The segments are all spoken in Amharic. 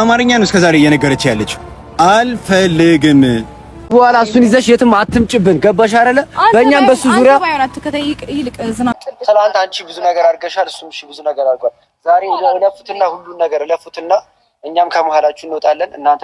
አማርኛ ነው እስከዛሬ እየነገረች ያለችው። አልፈልግም በኋላ እሱን ይዘሽ የትም አትምጭብን። ገባሽ አይደለ? በእኛም በሱ ዙሪያ ትናንት አንቺ ብዙ ነገር አድርገሻል፣ እሱም እሺ ብዙ ነገር አድርጓል። ዛሬ እለፉትና ሁሉን ነገር እለፉትና እኛም ከመሀላችሁ እንወጣለን እናንተ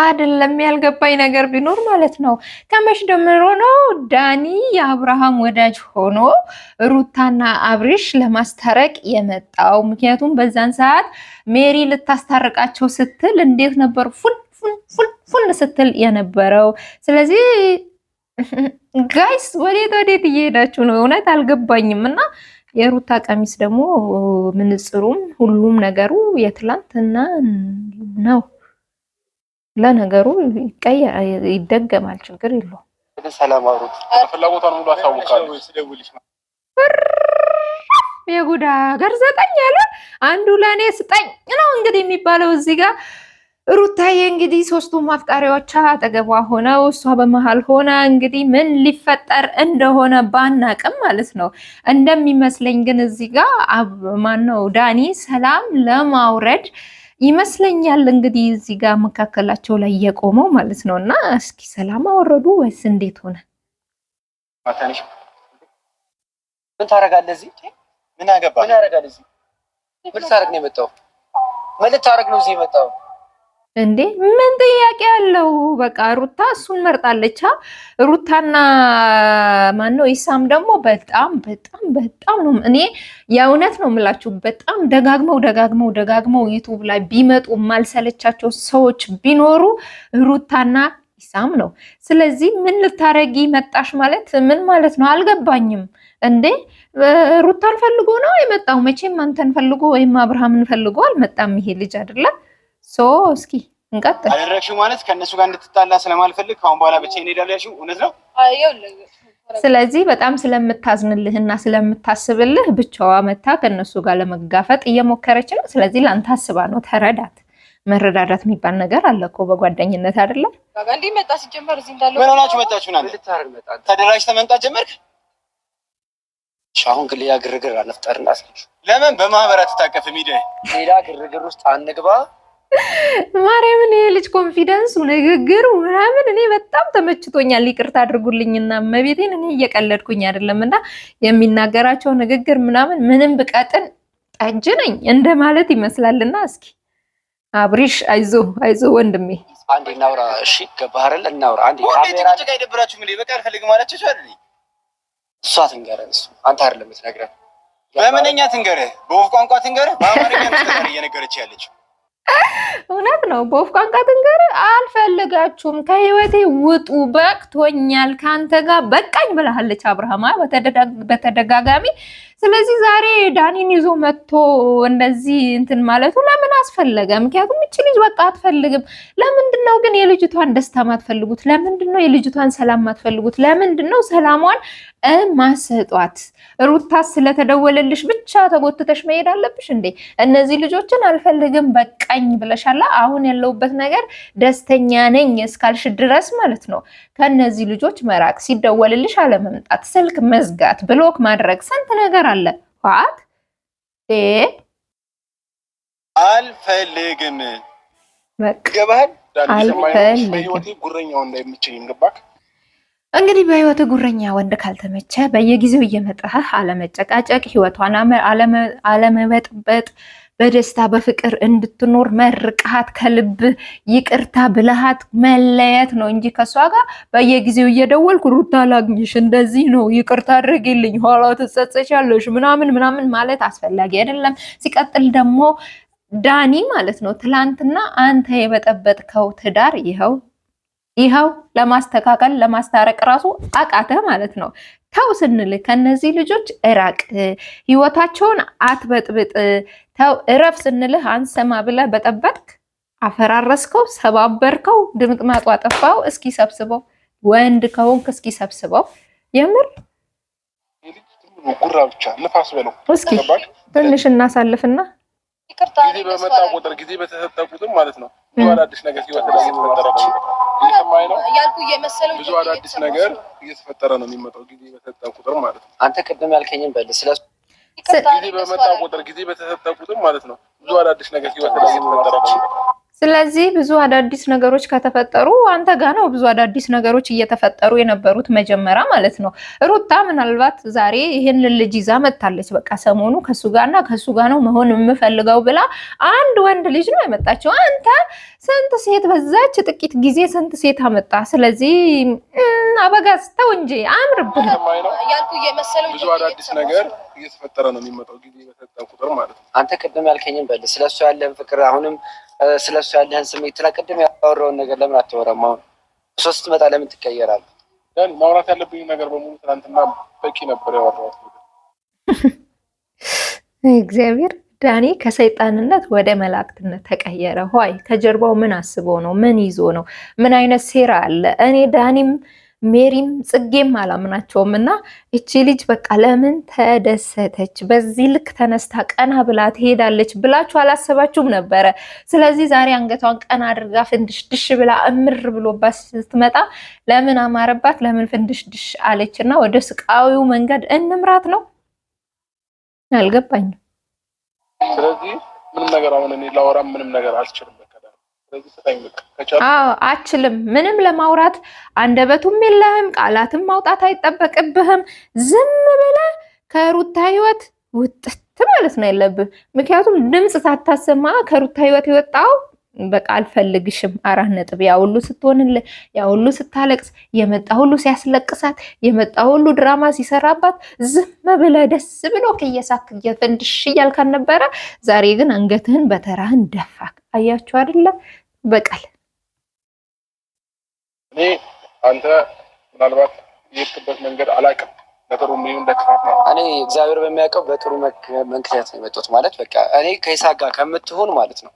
አይደለም ያልገባኝ ነገር ቢኖር ማለት ነው ከመሽ ደምሮ ነው ዳኒ የአብርሃም ወዳጅ ሆኖ ሩታና አብሪሽ ለማስታረቅ የመጣው። ምክንያቱም በዛን ሰዓት ሜሪ ልታስታርቃቸው ስትል እንዴት ነበር ፉል ስትል የነበረው። ስለዚህ ጋይስ ወዴት ወዴት እየሄዳችሁ ነው? እውነት አልገባኝም እና የሩታ ቀሚስ ደግሞ ምንጽሩም ሁሉም ነገሩ የትላንትና ነው። ለነገሩ ቀይ ይደገማል፣ ችግር የለውም። ፍላጎቷን ሙሉ የጉድ ሀገር ዘጠኝ ያለ አንዱ ለእኔ ስጠኝ ነው እንግዲህ የሚባለው እዚህ ጋር ሩታዬ እንግዲህ ሶስቱም አፍቃሪዎቿ አጠገቧ ሆነው እሷ በመሃል ሆና እንግዲህ ምን ሊፈጠር እንደሆነ ባናቅም ማለት ነው። እንደሚመስለኝ ግን እዚህ ጋር ማነው ዳኒ ሰላም ለማውረድ ይመስለኛል እንግዲህ እዚህ ጋር መካከላቸው ላይ የቆመው ማለት ነው። እና እስኪ ሰላም አወረዱ ወይስ እንዴት ሆነ? ምን ታደርጋለህ እዚህ? ምን አገባህ? ምን ታደርጋለህ ምን ነው የመጣው? ምን ልታደርግ ነው እዚህ የመጣው? እንዴ ምን ጥያቄ ያለው? በቃ ሩታ እሱን መርጣለች። ሩታና ማነው ኢሳም ደግሞ በጣም በጣም በጣም ነው። እኔ የእውነት ነው የምላችሁ በጣም ደጋግመው ደጋግመው ደጋግመው ዩቱብ ላይ ቢመጡ ማልሰለቻቸው ሰዎች ቢኖሩ ሩታና ኢሳም ነው። ስለዚህ ምን ልታረጊ መጣሽ ማለት ምን ማለት ነው? አልገባኝም። እንዴ ሩታን ፈልጎ ነው የመጣው? መቼም አንተን ፈልጎ ወይም አብርሃምን ፈልጎ አልመጣም። ይሄ ልጅ አይደለም ሶ እስኪ እንቀጥል። አደረግሽው ማለት ከእነሱ ጋር እንድትጣላ ስለማልፈልግ ከአሁን በኋላ ብቻ እሄዳለሁ ያልሽው እውነት ነው። ስለዚህ በጣም ስለምታዝንልህ እና ስለምታስብልህ ብቻዋ መታ ከእነሱ ጋር ለመጋፈጥ እየሞከረች ነው። ስለዚህ ለአንተ አስባ ነው። ተረዳት። መረዳዳት የሚባል ነገር አለ እኮ በጓደኝነት አይደለም። እንዲህ መጣ ሲጀመር እዚህ እንዳለ ምን ሆናችሁ መጣችሁ? ተደራጅተህ መምጣት ጀመርክ። አሁን ግን ሌላ ግርግር አለፍጠርና ለምን በማህበራት ትታቀፍ ሄዳ ግርግር ውስጥ አንግባ ማርያምን ይሄ ልጅ ኮንፊደንሱ፣ ንግግሩ ምናምን እኔ በጣም ተመችቶኛል። ይቅርታ አድርጉልኝና መቤቴን እኔ እየቀለድኩኝ አይደለም። እና የሚናገራቸው ንግግር ምናምን ምንም ብቀጥን ጠጅ ነኝ እንደ ማለት ይመስላልና እስኪ አብሪሽ አይዞ አይዞ ወንድሜ አንዴ እናውራ። እሺ ገባህ እናውራ አንዴ ካሜራ ጋር ይደብራችሁ ምን ይበቃል። ፈልግ ማለት ይችላል። እሷ ትንገረ እሱ አንተ አይደለም የምትነግረን። በምንኛ ትንገረ በወፍ ቋንቋ ትንገረ በአማርኛ ትንገረ እየነገረች ያለችው እውነት ነው። በወፍ ቋንቋ ትንገር አልፈልጋችሁም፣ ከህይወቴ ውጡ፣ በቅቶኛል፣ ከአንተ ጋር በቃኝ ብላለች አብርሃማ በተደጋጋሚ ስለዚህ ዛሬ ዳኒን ይዞ መጥቶ እንደዚህ እንትን ማለቱ ለምን አስፈለገ? ምክንያቱም እቺ ልጅ በቃ አትፈልግም። ለምንድን ነው ግን የልጅቷን ደስታ ማትፈልጉት? ለምንድን ነው የልጅቷን ሰላም ማትፈልጉት? ለምንድን ነው ሰላሟን ማሰጧት? ሩታስ ስለተደወለልሽ ብቻ ተጎትተሽ መሄድ አለብሽ እንዴ? እነዚህ ልጆችን አልፈልግም በቃኝ ብለሻላ። አሁን ያለውበት ነገር ደስተኛ ነኝ እስካልሽ ድረስ ማለት ነው ከነዚህ ልጆች መራቅ፣ ሲደወልልሽ አለመምጣት፣ ስልክ መዝጋት፣ ብሎክ ማድረግ፣ ስንት ነገር አለ። ዋት ኤ አልፈልግም። ጉረኛው እንግዲህ በህይወት ጉረኛ ወንድ ካልተመቸ በየጊዜው እየመጣህ አለመጨቃጨቅ፣ ህይወቷን አለመበጥበጥ፣ በደስታ በፍቅር እንድትኖር መርቃት ከልብ ይቅርታ ብልሃት መለየት ነው እንጂ ከእሷ ጋር በየጊዜው እየደወልኩ ሩታ ላግኝሽ፣ እንደዚህ ነው ይቅርታ አድርጊልኝ፣ ኋላ ትጸጸቻለሽ ምናምን ምናምን ማለት አስፈላጊ አይደለም። ሲቀጥል ደግሞ ዳኒ ማለት ነው ትላንትና አንተ የበጠበጥከው ትዳር ይኸው ይኸው ለማስተካከል ለማስታረቅ ራሱ አቃተ ማለት ነው። ተው ስንል ከነዚህ ልጆች እራቅ፣ ህይወታቸውን አትበጥብጥ፣ ተው እረፍ ስንልህ አንሰማ ብለህ በጠበቅ አፈራረስከው፣ ሰባበርከው፣ ድምጥማጡ አጠፋው። እስኪ ሰብስበው፣ ወንድ ከሆንክ እስኪ ሰብስበው። የምር ጉራ ብቻ ንፋስ በለው። እስኪ ትንሽ እናሳልፍና ጊዜ በመጣ ቁጥር ጊዜ በተሰጠ ቁጥር ማለት ነው ብዙ አዳዲስ ነገር እየተፈጠረ ነው የሚመጣው። ጊዜ በሰጠ ቁጥር ማለት ነው። አንተ ቅድም ያልከኝም በል ስለ በመጣ ቁጥር ጊዜ በተሰጠ ቁጥር ማለት ነው ብዙ አዳዲስ ነገር ህይወት ላይ ስለዚህ ብዙ አዳዲስ ነገሮች ከተፈጠሩ አንተ ጋ ነው ብዙ አዳዲስ ነገሮች እየተፈጠሩ የነበሩት መጀመሪያ ማለት ነው። ሩታ ምናልባት ዛሬ ይህን ልጅ ይዛ መጥታለች። በቃ ሰሞኑ ከሱ ጋና ከሱ ጋ ነው መሆን የምፈልገው ብላ አንድ ወንድ ልጅ ነው የመጣቸው። አንተ ስንት ሴት በዛች ጥቂት ጊዜ ስንት ሴት አመጣ። ስለዚህ አበጋዝ ተው እንጂ አምርብህ። ብዙ አዳዲስ ነገር እየተፈጠረ ነው የሚመጣው ጊዜ በሰጠ ቁጥር ማለት ነው። አንተ ቅድም ያልከኝም በል ስለሱ ያለህን ፍቅር አሁንም ስለሱ ያለህን ስሜት ስለ ቅድም ያወራውን ነገር ለምን አትወራም? አሁን ሶስት መጣ ለምን ደን ማውራት ያለብኝ ነገር በሙሉ ትናንትና በቂ ነበር ያወራሁት እግዚአብሔር ዳኒ ከሰይጣንነት ወደ መላእክትነት ተቀየረ። ሆይ ከጀርባው ምን አስቦ ነው? ምን ይዞ ነው? ምን አይነት ሴራ አለ? እኔ ዳኒም ሜሪም ጽጌም አላምናቸውም። እና እቺ ልጅ በቃ ለምን ተደሰተች? በዚህ ልክ ተነስታ ቀና ብላ ትሄዳለች ብላችሁ አላሰባችሁም ነበረ። ስለዚህ ዛሬ አንገቷን ቀና አድርጋ ፍንድሽ ድሽ ብላ እምር ብሎባት ስትመጣ ለምን አማረባት? ለምን ፍንድሽ ድሽ አለች? እና ወደ ስቃዩ መንገድ እንምራት ነው አልገባኝም። ስለዚህ ምንም ነገር አሁን እኔ ላወራም ምንም ነገር አልችልም። አዎ አችልም። ምንም ለማውራት አንደበቱም የለህም፣ ቃላትም ማውጣት አይጠበቅብህም። ዝም ብለህ ከሩታ ህይወት ውጥት ማለት ነው ያለብህ። ምክንያቱም ድምፅ ሳታሰማ ከሩታ ህይወት የወጣው በቃ አልፈልግሽም አራት ነጥብ። ያ ሁሉ ስትሆንል፣ ያ ሁሉ ስታለቅስ፣ የመጣ ሁሉ ሲያስለቅሳት፣ የመጣ ሁሉ ድራማ ሲሰራባት ዝም ብለህ ደስ ብሎ ከየሳክ እየፈንድሽ እያልካን ነበረ። ዛሬ ግን አንገትህን በተራህን ደፋክ። አያችሁ አይደለ? በቃል እኔ አንተ ምናልባት የሄድክበት መንገድ አላውቅም፣ ለጥሩ ሚሆን ለክፋት እኔ እግዚአብሔር በሚያውቀው በጥሩ መንክንያት ነው የመጣሁት። ማለት በቃ እኔ ከይሳቅ ጋር ከምትሆን ማለት ነው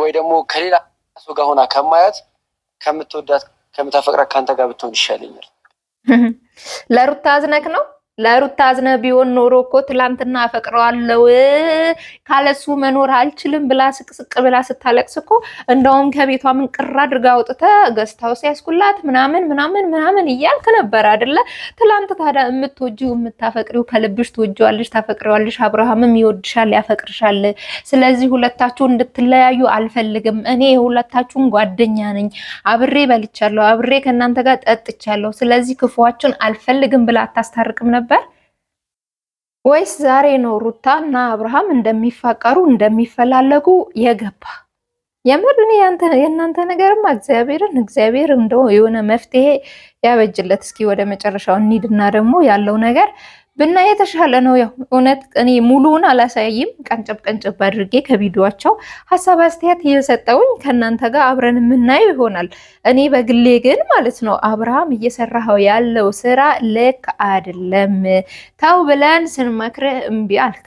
ወይ ደግሞ ከሌላ ሰው ጋር ሆና ከማያት ከምትወዳት ከምታፈቅራት ከአንተ ጋር ብትሆን ይሻለኛል። ለሩታ አዝነክ ነው ለሩታ አዝነህ ቢሆን ኖሮ እኮ ትላንትና አፈቅረዋለው ካለሱ መኖር አልችልም ብላ ስቅስቅ ብላ ስታለቅስ እኮ እንደውም ከቤቷ ምን ቅር አድርጋ አውጥተ ገዝታው ሲያስኩላት ያስኩላት ምናምን ምናምን ምናምን እያልክ ነበር አይደለ? ትላንት ታዲያ የምትወጂው የምታፈቅሪው ከልብሽ ትወጂዋለሽ፣ ታፈቅሪዋለሽ። አብርሃምም ይወድሻል፣ ያፈቅርሻል። ስለዚህ ሁለታችሁ እንድትለያዩ አልፈልግም። እኔ የሁለታችሁን ጓደኛ ነኝ። አብሬ በልቻለሁ፣ አብሬ ከእናንተ ጋር ጠጥቻለሁ። ስለዚህ ክፉዋችሁን አልፈልግም ብላ አታስታርቅም ነበር ነበር ወይስ ዛሬ ነው ሩታ እና አብርሃም እንደሚፋቀሩ እንደሚፈላለጉ የገባ የምር የእናንተ ነገርማ እግዚአብሔርን እግዚአብሔር እንደው የሆነ መፍትሄ ያበጅለት። እስኪ ወደ መጨረሻው እንሂድና ደግሞ ያለው ነገር ብና የተሻለ ነው። እውነት እኔ ሙሉውን አላሳይም፣ ቀንጨብ ቀንጨብ አድርጌ ከቪዲዮቸው ሀሳብ አስተያየት እየሰጠውኝ ከእናንተ ጋር አብረን የምናየው ይሆናል። እኔ በግሌ ግን ማለት ነው አብርሃም እየሰራኸው ያለው ስራ ልክ አይደለም፣ ተው ብለን ስንመክርህ እምቢ አልክ።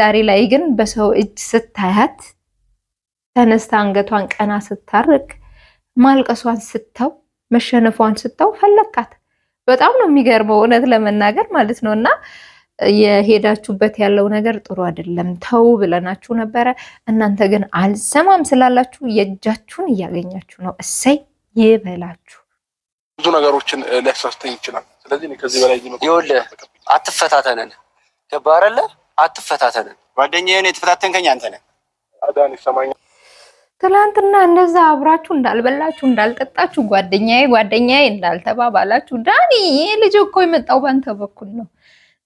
ዛሬ ላይ ግን በሰው እጅ ስታያት ተነስታ አንገቷን ቀና ስታርግ ማልቀሷን ስተው መሸነፏን ስተው ፈለካት። በጣም ነው የሚገርመው እውነት ለመናገር ማለት ነው። እና የሄዳችሁበት ያለው ነገር ጥሩ አይደለም፣ ተው ብለናችሁ ነበረ። እናንተ ግን አልሰማም ስላላችሁ የእጃችሁን እያገኛችሁ ነው። እሰይ ይበላችሁ። ብዙ ነገሮችን ሊያሳስተኝ ይችላል። ስለዚህ ከዚህ በላይ ይኸውልህ፣ አትፈታተነን። ገባህ አይደለ? አትፈታተነን። ጓደኛዬ የተፈታተንከኝ አንተ ነህ። አዳን ይሰማኛል። ትላንትና እንደዛ አብራችሁ እንዳልበላችሁ እንዳልጠጣችሁ ጓደኛዬ ጓደኛዬ እንዳልተባባላችሁ ዳኒ ልጅ እኮ የመጣው ባንተ በኩል ነው።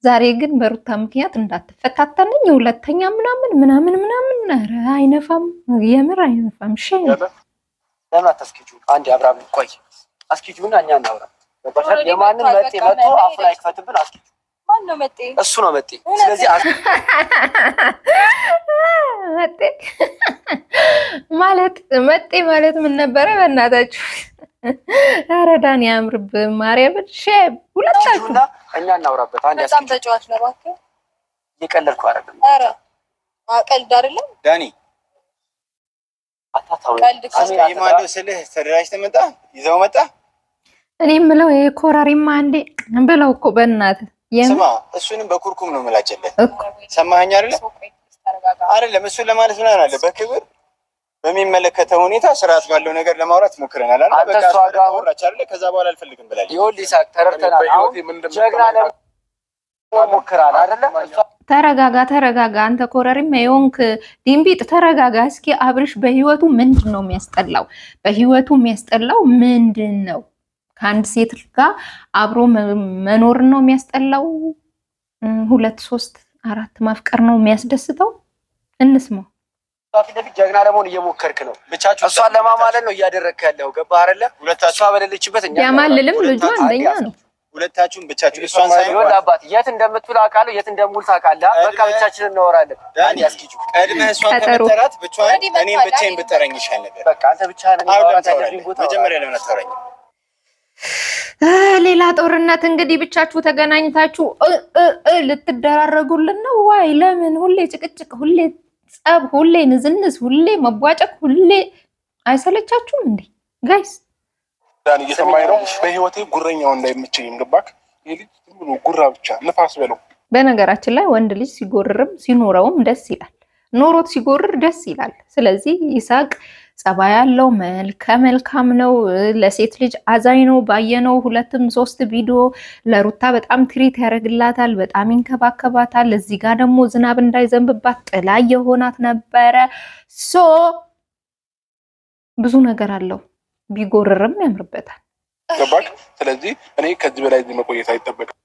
ዛሬ ግን በሩታ ምክንያት እንዳትፈታተንኝ ሁለተኛ ምናምን ምናምን ምናምን። ኧረ አይነፋም፣ የምር አይነፋም። ሽ ለምን አታስኪጁ? አንዴ አብራም ቆይ አስኪጁና እኛ እናውራ። የማንም መጤ መጥቶ አፉን አይክፈትብን። አስኪጁ እሱ ነው መጤ። ስለዚህ መጤ ማለት መጤ ማለት ምን ነበረ? በእናታችሁ ኧረ ዳኒ ያምርብ ማርያምን ሼብ ሁለታችሁና እኛ እናውራበት። አንድ በጣም ተጫዋች ነው እባክህ። እየቀለድኩ አይደለም። ኧረ ቀልድ አይደለም ዳኒ ቀልድ ስልህ ተደራጅተህ መጣ ይዘው መጣ። እኔ ምለው ይሄ ኮረሪማ አንዴ ብለው እኮ በእናትህ ስማ፣ እሱንም በኩርኩም ነው የምላጨለት። ሰማኸኝ አይደለ አይደለም እሱን ለማለት ምናምን አለ በክብር በሚመለከተው ሁኔታ ስርዓት ባለው ነገር ለማውራት ሞክረናል። አለ በቃ አወራች አይደለ? ከዛ በኋላ አልፈልግም ብላለች። ይኸውልህ ይሳቅ ተረድተናል። አሁን ጀግና ሞክራል አይደለ? ተረጋጋ፣ ተረጋጋ። አንተ ኮረሪም የሆንክ ዲምቢጥ ተረጋጋ። እስኪ አብርሽ በህይወቱ ምንድን ነው የሚያስጠላው? በህይወቱ የሚያስጠላው ምንድን ነው? ከአንድ ሴት ጋር አብሮ መኖር ነው የሚያስጠላው? ሁለት ሶስት አራት ማፍቀር ነው የሚያስደስተው። እንስማው። ፊት ለፊት ጀግና ለመሆን እየሞከርክ ነው። ብቻችሁ እሷን ለማማለል ነው እያደረግክ ያለው። ገባህ አይደለ? እሷ በሌለችበት ያማልልም ልጁ አንደኛ ነው። ሁለታችሁም ብቻችሁ እሷን ሳይሆን አባት የት እንደምትውል አውቃለሁ፣ የት እንደምውል ታውቃለህ። በቃ ብቻችን እናወራለን። ዳን ያስኪጁ ቀድመ እሷን ከምትጠራት ብቻዋን እኔም ብቻዬን ብጠረኝ ይሻል ነበር። በቃ አንተ ብቻህን መጀመሪያ ለምን አጠረኝ? ሌላ ጦርነት እንግዲህ ብቻችሁ ተገናኝታችሁ ልትደራረጉልን ነው ዋይ? ለምን ሁሌ ጭቅጭቅ፣ ሁሌ ጸብ፣ ሁሌ ንዝንዝ፣ ሁሌ መቧጨቅ፣ ሁሌ አይሰለቻችሁም እንዴ ጋይስ? ዳን እየሰማኝ ነው። በህይወቴ ጉረኛው እንዳይመቸኝም ገባክ? ጉራ ብቻ ንፋስ በለው። በነገራችን ላይ ወንድ ልጅ ሲጎርርም ሲኖረውም ደስ ይላል። ኖሮት ሲጎርር ደስ ይላል። ስለዚህ ይሳቅ። ጸባይ ያለው መልከ መልካም ነው። ለሴት ልጅ አዛኝ ነው። ባየነው ሁለትም ሶስት ቪዲዮ ለሩታ በጣም ትሪት ያደርግላታል፣ በጣም ይንከባከባታል። እዚህ ጋር ደግሞ ዝናብ እንዳይዘንብባት ጥላ የሆናት ነበረ። ሶ ብዙ ነገር አለው። ቢጎርርም ያምርበታል። ገባሽ? ስለዚህ እኔ ከዚህ በላይ እዚህ መቆየት አይጠበቅም።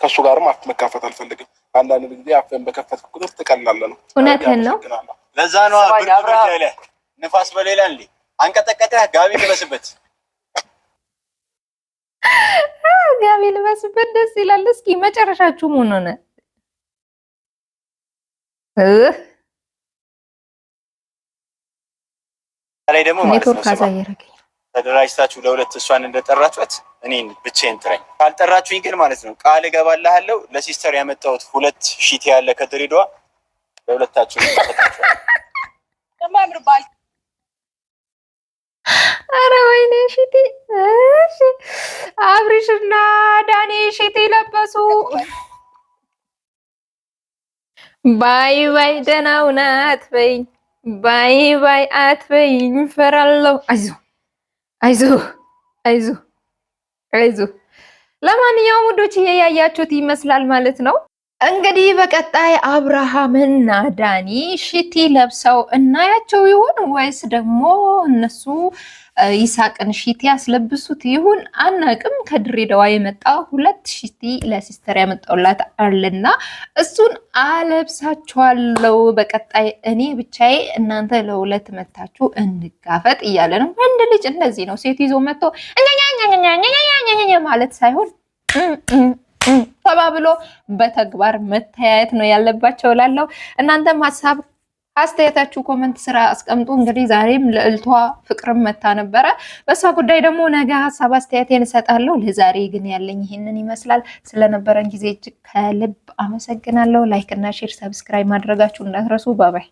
ከእሱ ጋርም አፍ መካፈት አልፈልግም። አንዳንድ ጊዜ አፍን በከፈት ቁጥር ትቀላለህ ነው። እውነትህን ነው። ለዛ ነው ንፋስ በሌላ እንዴ አንቀጠቀጠ ጋቢ ልበስበት፣ ጋቢ ልበስበት። ደስ ይላል። እስኪ መጨረሻችሁ ምን ሆነ? ላይ ደግሞ ማለት ነው ተደራጅታችሁ ለሁለት እሷን እንደጠራችኋት እኔን ብቻዬን ጥራኝ። ካልጠራችሁኝ ግን ማለት ነው ቃል እገባልሃለሁ ለሲስተር ያመጣሁት ሁለት ሺት ያለ ከድሬዳዋ ለሁለታችሁ እና ዳኒ ሽት ለበሱ። ባይ ባይ ደህና ሁና አትበይኝ፣ ባይ ባይ አትበይኝ፣ ፈራለሁ። አይዞ አይዞ አይዞ አይዞ። ለማንኛውም ውዶች እያያችሁት ይመስላል ማለት ነው። እንግዲህ በቀጣይ አብርሃምና ዳኒ ሽቲ ለብሰው እናያቸው ይሆን ወይስ ደግሞ እነሱ ይሳቅን ሽቲ ያስለብሱት ይሁን አናቅም። ከድሬዳዋ የመጣ ሁለት ሽቲ ለሲስተር ያመጣውላት አለና እሱን አለብሳችኋለው። በቀጣይ እኔ ብቻዬ እናንተ ለሁለት መታችሁ እንጋፈጥ እያለ ነው። ወንድ ልጅ እንደዚህ ነው። ሴት ይዞ መጥቶ ማለት ሳይሆን ተባብሎ በተግባር መተያየት ነው ያለባቸው እላለሁ። እናንተም ሀሳብ አስተያየታችሁ ኮመንት ስራ አስቀምጡ። እንግዲህ ዛሬም ልዕልቷ ፍቅርም መታ ነበረ። በእሷ ጉዳይ ደግሞ ነገ ሀሳብ አስተያየቴን እሰጣለሁ። ለዛሬ ግን ያለኝ ይህንን ይመስላል። ስለነበረን ጊዜ እጅግ ከልብ አመሰግናለሁ። ላይክ እና ሼር፣ ሰብስክራይብ ማድረጋችሁ እንዳትረሱ። ባባይ